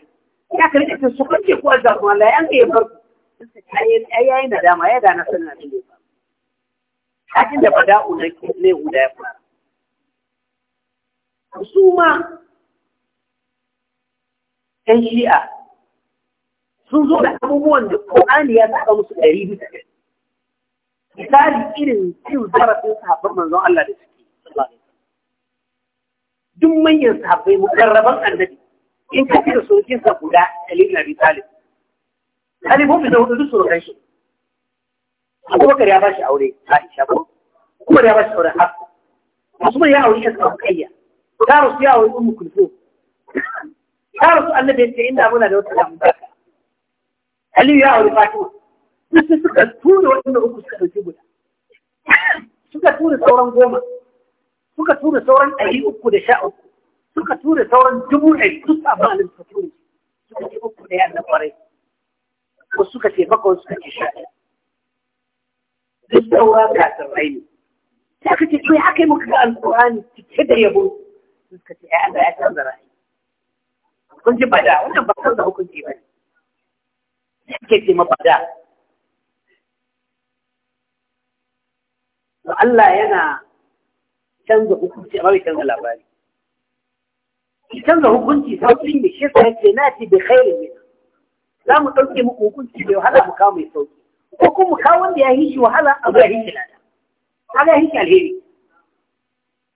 Speaker 1: Ya karɓi ta su kwanke ko a zaɓuwa la ‘yan ka barku. ai yayi nadama ya da na sanin abin da ya da bada'u na ne guda ya faru su ma 'yan shi'a sun zo da abubuwan da ƙo'ani ya saka musu ɗari bisa misali irin cin zarafin sahabban manzon Allah da suke duk manyan sahabbai mukarraban annabi in ka kira sokin guda Ali bin halifofi na hudu duk surukan shi abubakar ya bashi aure aisha ko umar ya bashi auren hafsa usman ya aure yasa kayya ta rasu ya aure ummu kulfu ta rasu annabi ce inda muna da wata damu baka aliyu ya aure fatima duk sai suka tura wanda uku suka dauki guda suka tura sauran goma suka tura sauran ɗari uku da sha uku suka tura sauran dubu ɗari duk amma annabi suka tura suka ce uku da ya annabi wasu suka ce bakwai suka ce sha ɗaya duk daura gasar raini sai aka ce to ya kai muka ga alƙur'ani cike da yabo suka ce ai Allah ya canza Kun ji bada wannan ba canza hukunci ba ne suke ce ma bada to Allah yana canza hukunci amma bai canza labari canza hukunci sauƙi da shi sa ce na ce bi khairin min za mu ɗauke muku hukunci mai wahala mu kawo mai sauki ko kuma mu kawo wanda ya yi shi wahala a ga shi lada a zuwa shi alheri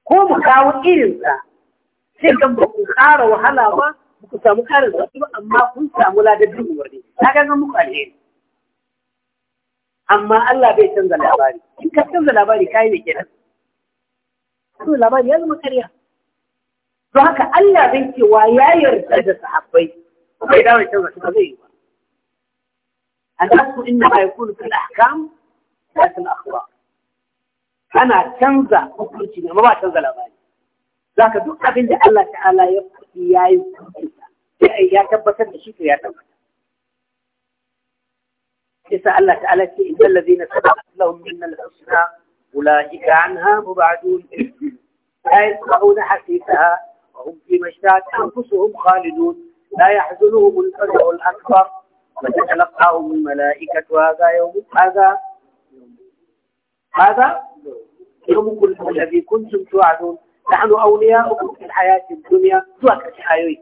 Speaker 1: ko mu kawo irinsa sai kan ba ku ƙara wahala ba ba ku samu ƙarin sauki ba amma kun samu ladabi mu wani ta ga zan muku alheri amma Allah bai canza labari in ka canza labari kai ne kenan to labari ya zama ƙarya don haka Allah bai cewa ya yarda da sahabbai bai dawo canza shi ba zai yi ba الأصل إنما يكون في الأحكام لا في الأخبار أنا تنزع حكمتي ما ما تنزع الأغاني لكن دقة بنت الله تعالى يقول يا يبقي يا تبتن بشيك يا تبتن إذا الله تعالى إن الذين سبقت لهم من الحسنى أولئك عنها مبعدون لا يسمعون حسيسها وهم في اشتهت أنفسهم خالدون لا يحزنهم الفزع الأكبر وتتلقاهم الملائكة هذا يوم هذا هذا يومكم الذي كنتم توعدون نحن أولياؤكم في الحياة الدنيا zuwa ƙarshe ayoyi.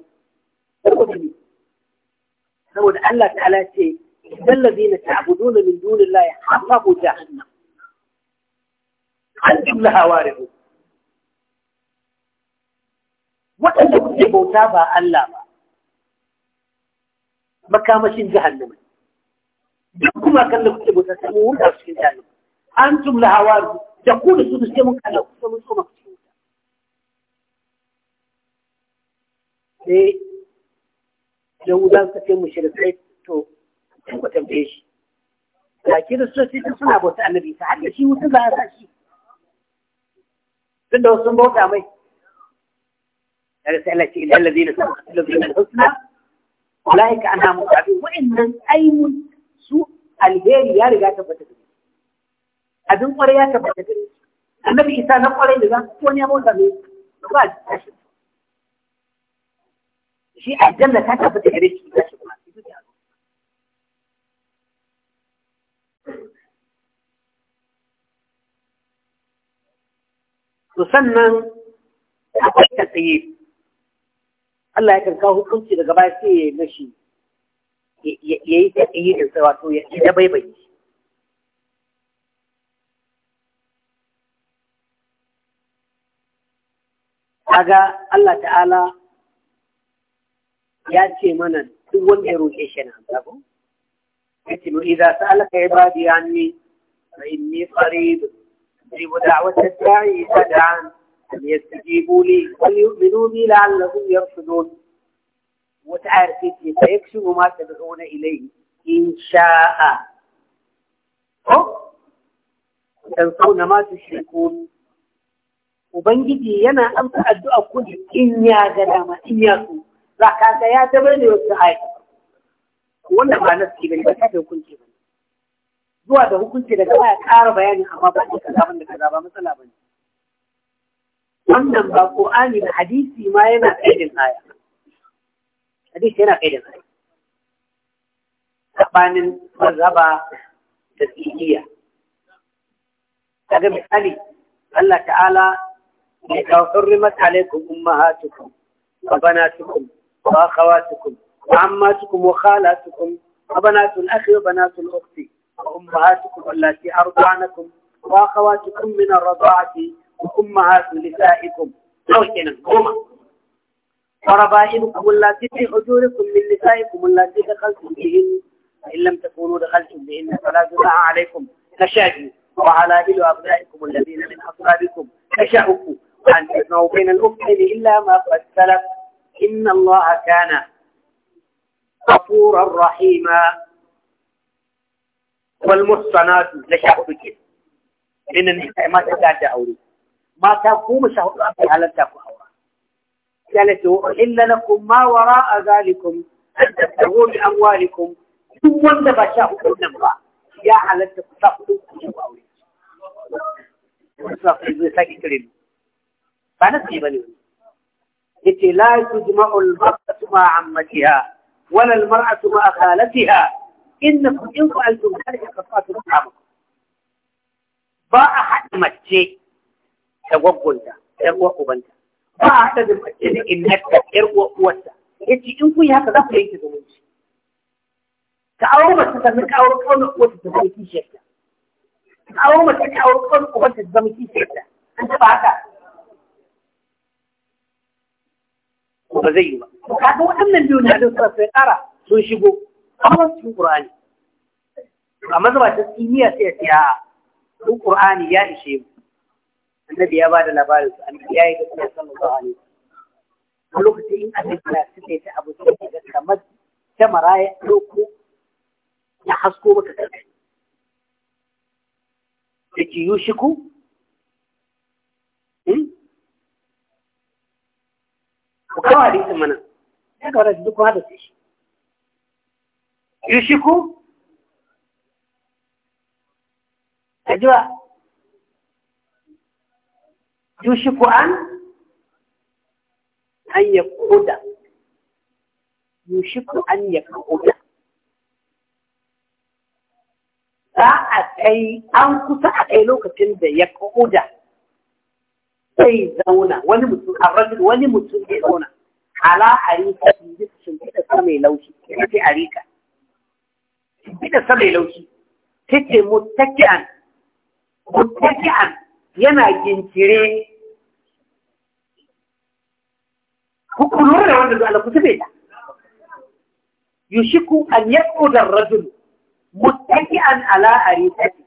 Speaker 1: Saboda Allah ta'ala ce, Idan lazina ta'buduna min dunin layi hasabu jahannam. An jumla hawarihu. Waɗanda kuke bauta ba Allah ba, مكامشين جهنم دكما كان لكم تبوا تسمون دارشين جهنم أنتم لها وارد تقول السودسيه من كلا وصلوا مكسوسا إيه لو دام تكلم مشرفين تو تبغى تمشي لكن السودسيه تصنع بوتا النبي صلى الله عليه وسلم هذا شيء عندما يصنبوك عمي هذا يعني سألتي إلا الذين سألتي الذين الحسنى أولئك أنها مقابل وإن أي سوء الهير يا رجاء تبتدر أبن قرية تبتدر النبي إساء نقرأ لذا وأن أبو به راج تشد شيء الجنة تبتدر شيء تشد تسنن أقوى التسييب Allah ya kawo hukunci daga baya sai ya mashi ya yi ta yi da wato ya da baibayi kaga Allah ta'ala ya ce mana duk wanda ya roƙe shi na gaba ya ce idza sa'alaka ibadi anni fa inni qarib ujibu da'wata da'i ta da'an فليستجيبوا لي وليؤمنوا بي لعلهم يرشدون وتعرفتي فيكشف ما تدعون إليه إن شاء تنسون ما تشركون Ubangiji yana amsa addu'a ku in ya ga in ya so, zakanta ya tabar da wasu ayyuka. Wannan ba na suke gani ba ta hukunci ba. Zuwa da hukunci daga baya ƙara bayani amma ba ka kaza da kaza ba matsala ba ne. wannan ba Qur'ani da hadisi ma yana kaidin aya hadisi yana kaidin aya sabanin mazhaba da tsidiya kaga misali Allah ta'ala ya kawo hurrimat alaikum ummahatukum wa banatukum wa akhawatukum wa ammatukum wa khalatukum wa banatul akhi wa banatul ukhti وأمهاتكم التي أرضعنكم وأخواتكم من الرضاعة وأمهات نسائكم أو كنا قوما وربائبكم التي في حجوركم من نسائكم التي دخلتم بهن فإن لم تكونوا دخلتم بهن فلا جناح عليكم وعلى وعلائل أبنائكم الذين من أصحابكم تشاؤوا وأن تجمعوا بين الأختين إلا ما قد سلف إن الله كان غفورا رحيما
Speaker 2: والمحصنات
Speaker 1: لشعبك من النساء ما تتعدى أولئك ما goma sha hudu aka halarta ku aura قالت إلا لكم ما وراء ذلكم أن تبتغوا بأموالكم ثم وندب شاء النمرة يا على التقصد يتي لا تجمع المرأة مع عمتها ولا المرأة مع خالتها إنكم إن فعلتم ذلك قد أصحابكم باء حد ta gwaggwanta ‘yar uwar ubanta ba a haɗa da mace da innarta ‘yar uwar uwarta ya ce in kun yi haka za ku yanke zumunci ka auro mace ta ka kawo kaunar uwarta ta zama kishiyarta ka auro mace ta auro ƙaunar uwarta ta zama kishiyarta an taɓa haka ko ba zai yi ba ka ga waɗannan biyu na da sarrafa ya ƙara sun shigo amma cikin ƙur'ani amma zaba ta tsiniya sai ya ce a'a ƙur'ani ya ishe mu annabi ya bada labarin su annabi ya yi da kuma sallallahu alaihi a lokacin in annabi na suke ta abu sai ga kamar kyamara ya ɗauko ya hasko maka kanka da ki yi shiku hmm?
Speaker 2: ku kawo hadisin mana
Speaker 1: ya kawar da duk hada shi yi shiku a yushiku an an ya koda yushiku an ya koda za a kai an kusa a kai lokacin da ya koda sai zauna wani mutum a rajin wani mutum ya zauna ala harika sun gida su mai laushi sai harika gida su mai laushi ta ce mutaki'an mutaki'an yana gincire ku ku lura da wannan Allah ku tabe ta yushiku an yaquda ar-rajul muttaki'an ala arikati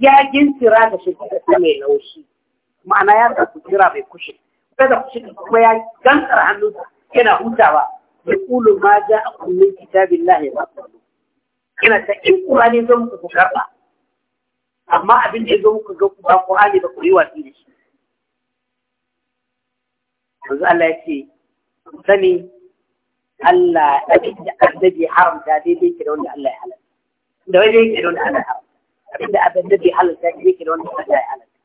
Speaker 1: ya gintira da shi ta mai laushi ma'ana ya da ku jira bai kushe kada ku shi kuma ya gantsar hannunsa yana hutawa yaqulu ma ja'akum min kitabillahi wa yana ta in qur'ani zo muku ku karɓa. amma abin da ya zo muku ga ba qur'ani ba ku yi wasi da shi yanzu Allah ya ce sani Allah abin da annabi haramta daidai ke da wanda Allah ya halatta da wai yake da wanda Allah ya haramta abin da annabi halatta daidai ke da wanda Allah ya halatta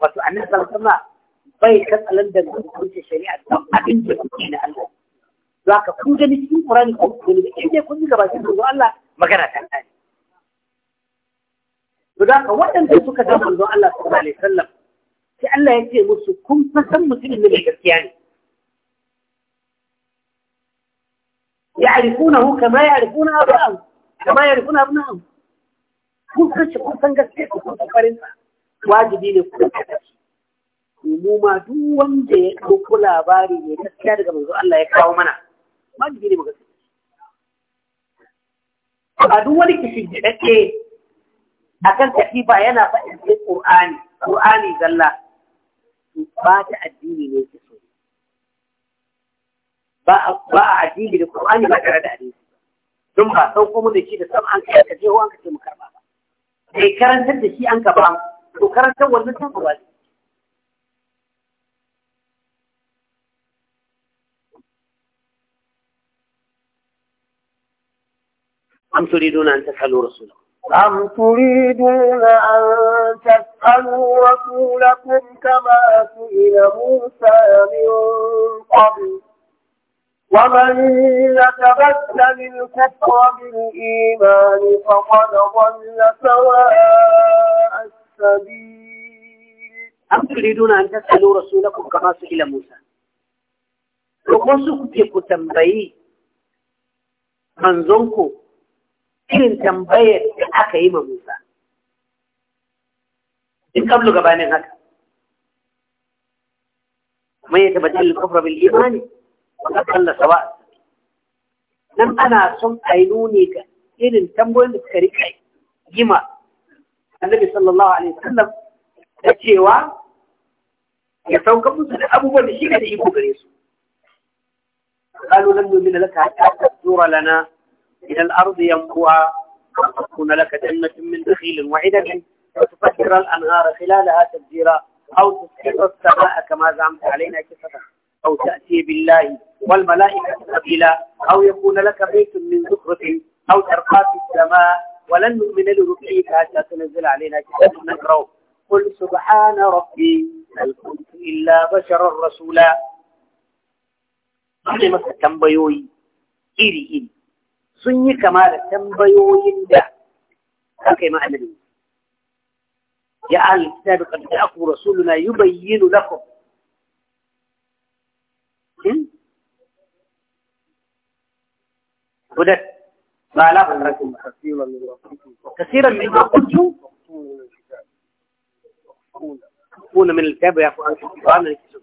Speaker 1: wato annabi sallallahu bai katsalan da hukuncin shari'a don abin da kuke na Allah za ka kun gani cikin Qur'ani ko kun gani in dai kun ji gaba cikin manzo Allah magana ta tsari to da ka waɗanda suka ga manzo Allah sallallahu alaihi wasallam sai Allah ya ce musu kun fa san mutumin ne gaskiya ne يعرفونه كما يعرفون أبناءهم كما يعرفون أبناءهم kun san shi kun san gaske ku kun wajibi ne ku kada shi ma duk wanda ya dauko labari ne gaskiya daga manzo Allah ya kawo mana wajibi ne mu gaske a duk wani kishi daɗe akan katifa yana faɗin Qur'ani Qur'ani zalla ba ta addini ne ba a addini da Qur'ani ba tare da hadisi don ba sauko mu da shi da sam an kai ka jeho an ka ce mu karba ba sai karantar da shi an ka ba to karantar wannan san ba أم تريدون أن تسألوا رسوله
Speaker 2: أم تريدون أن تسألوا رسولكم كما سئل موسى من قبل ومن يتبدل الكفر بالإيمان
Speaker 1: فقد ضل سواء السبيل أم تريدون أن تسألوا رسولكم كما سئل موسى Rukunsu kuke ku tambayi manzonku irin tambayar da aka yi ma Musa. In kablu gabanin haka, mai ya da kofar bil imani وقد له سواء لم أنا سم أينوني إن تنبول كريكي جمع النبي صلى الله عليه وسلم أتيوا يتوقع مزل أبو بل شيئا لإبو قريسو قالوا لم يمن لك حتى تزور لنا إلى الأرض ينبوها وتكون لك جنة من نخيل وعدة وتفكر الأنهار خلالها تبجيرا أو تسكر السماء كما زعمت علينا كفتا أو تأتي بالله والملائكة قبيلا أو يكون لك بيت من زخرة أو ترقى في السماء ولن نؤمن لرقيك حتى تنزل علينا كتاب نقرأ قل سبحان ربي هل كنت إلا بشرا رسولا أنا مثلا تنبيوي إيري إيري سني كمال تنبيوي ده كما أنا يا أهل الكتاب قد جاءكم رسولنا يبين لكم هدت ما لا كثيرا من الوقت كثيرا من الكتاب من الكتاب يا أخوان الكتاب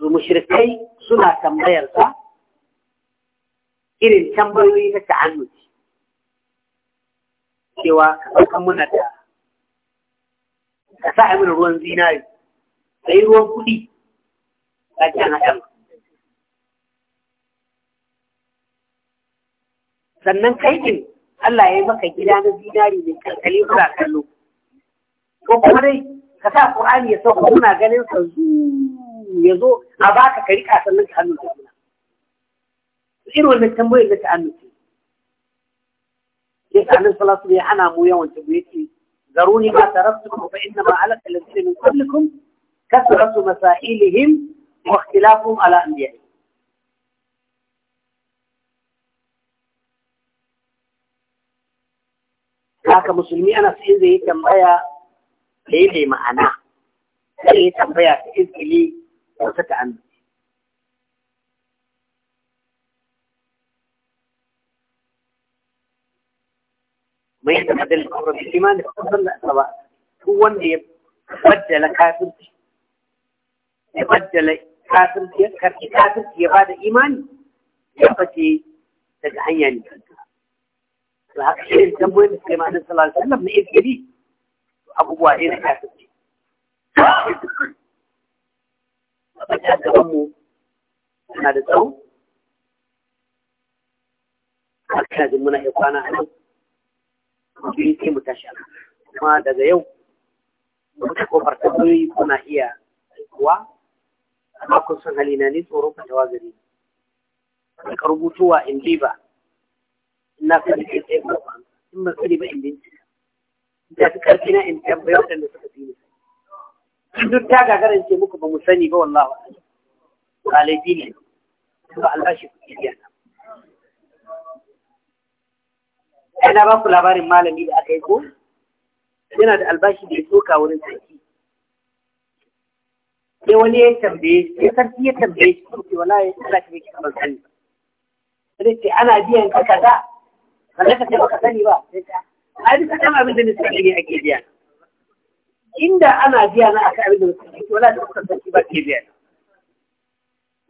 Speaker 1: المشركين سنة كم بيرسا إذن كم بيرسا كعنوش سوى كم منتها ka sa a mini ruwan zinari ka yi ruwan kuɗi a can haɗan sannan kaikin Allah ya yi maka gida na zinari mai kankali kura kallo ko kuma dai ka sa Qur'ani ya sauka kuna ganin sa ya zo a baka ka rika sannan ka hannu ta gina irin wannan tambayoyin na ta sai ka annabi sallallahu alaihi wasallam ya hana mu yawan tambaye ذروني ما تركتكم فإنما على الذين من قبلكم كثرة مسائلهم واختلافهم على أنبيائهم كاك مسلمي أنا في إذ تنبيا إلي معنا إذ تنبيه في إذ إلي وفتعنا mai da madalin kafirci shi ma da kafin da ba duk wanda ya baddala kafirci ya baddala kafirci ya karfi kafirci ya bada imani ya fice daga hanya ne to haka irin tambayoyin da suka yi ma'anin sallallahu alaihi wasallam na izgiri abubuwa irin kafirci abin da gabanmu suna da tsawo a kan muna iya kwana a nan in sai mu tashi kuma daga yau wata kofar tambayoyi kuna iya aikowa amma kun san halina ne tsoron fatawa gare ni ka rubutuwa in diba na sani kai tsaye ko in ba sani ba in bincika da fi karfi na in tambayi waɗanda suka fi ni duk ta gagarin ce muku ba mu sani ba wallahi ɗalibi ne ba albashi ku biya na yana ba ku labarin malami da aka yi ko yana da albashi da ya soka wurin sarki sai wani ya tambaye shi sai sarki ya tambaye shi ke wala ya tsaka ka biki kamar sani sai ce ana biyan ka kaza kaza ka ce baka sani ba a yi ai duka kan abin da ne ne ake biya inda ana biya na aka abin da ne ke wala da kuka sarki ba ke biya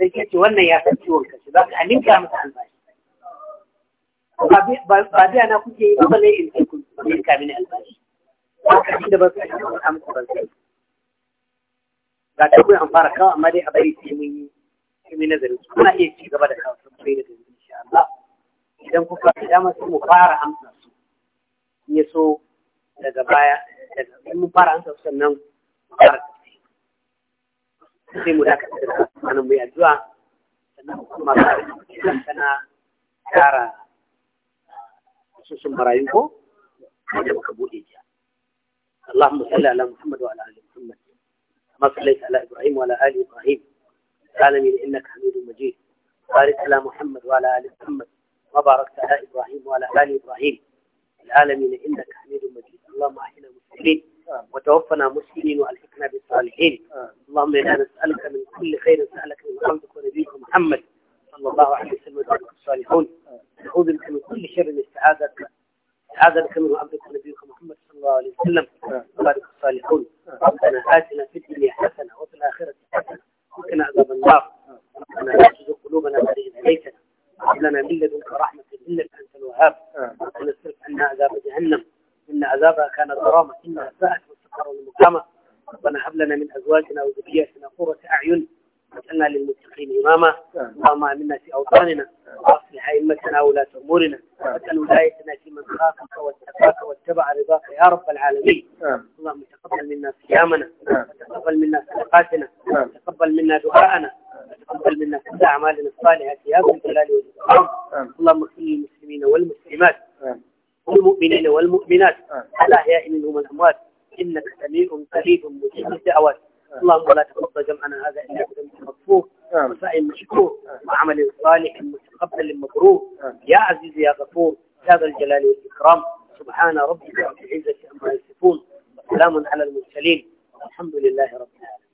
Speaker 1: sai ke ce wannan ya san ciwon kashi za ka aminta masa albashi ba biya na kuke yi ba ne in sai kun ne ka mini albashi ba da ba su yi ba ka ga ta kun an fara kawo amma dai a bari sai mun yi sai mun nazari kuna iya ci gaba da kawo sun bai da gani insha Allah idan kuka da dama mu fara amsa su ya so daga baya daga mun fara amsa su sannan fara sai mu dakata da mu yi addu'a sannan kuma ba da kana tara خصوصاً برايوكو هذا مقبول إياه اللهم صل على محمد وعلى آل محمد ما صليت على إبراهيم وعلى آل إبراهيم العالمين إنك حميد مجيد
Speaker 2: بارك على محمد
Speaker 1: وعلى آل محمد ما باركت على إبراهيم وعلى آل إبراهيم العالمين إنك حميد مجيد اللهم أحينا مسلمين وتوفنا مسلمين وألحقنا بالصالحين اللهم إنا نسألك من كل خير سألك من خلقك ونبيك محمد صلى الله عليه وسلم وبارك الصالحون نعوذ بك من كل شر الاستعاذة استعاذ بك من عبدك ونبيك محمد صلى الله عليه وسلم وبارك الصالحون ربنا آتنا في الدنيا حسنة وفي الآخرة حسنة وقنا عذاب النار ربنا لا تزغ قلوبنا بعد إذ هديتنا وهب لنا من لدنك رحمة إنك أنت الوهاب ربنا اصرف عنا عذاب جهنم إن عذابها كان غراما إنها ساءت مستقرا ومقاما ربنا هب لنا من أزواجنا وذرياتنا قرة أعين وجعلنا للمتقين إماما اللهم آمنا في أوطاننا وأصلح أئمتنا ولا أمورنا وأسأل ولايتنا في من خافك واتقاك واتبع رضاك يا رب العالمين اللهم تقبل منا صيامنا وتقبل منا صدقاتنا وتقبل منا دعاءنا وتقبل منا كل أعمالنا الصالحة يا ذا الجلال والإكرام اللهم اغفر للمسلمين والمسلمات والمؤمنين والمؤمنات أحياء منهم الأموات إنك سميع قريب مجيب الدعوات اللهم لا تقبل جمعنا هذا إلا بذنب مغفور وسائل مشكور وعمل صالح متقبل مكروه يا عزيز يا غفور يا ذا الجلال والإكرام سبحان ربك رب العزة عما يصفون وسلام على المرسلين والحمد لله رب العالمين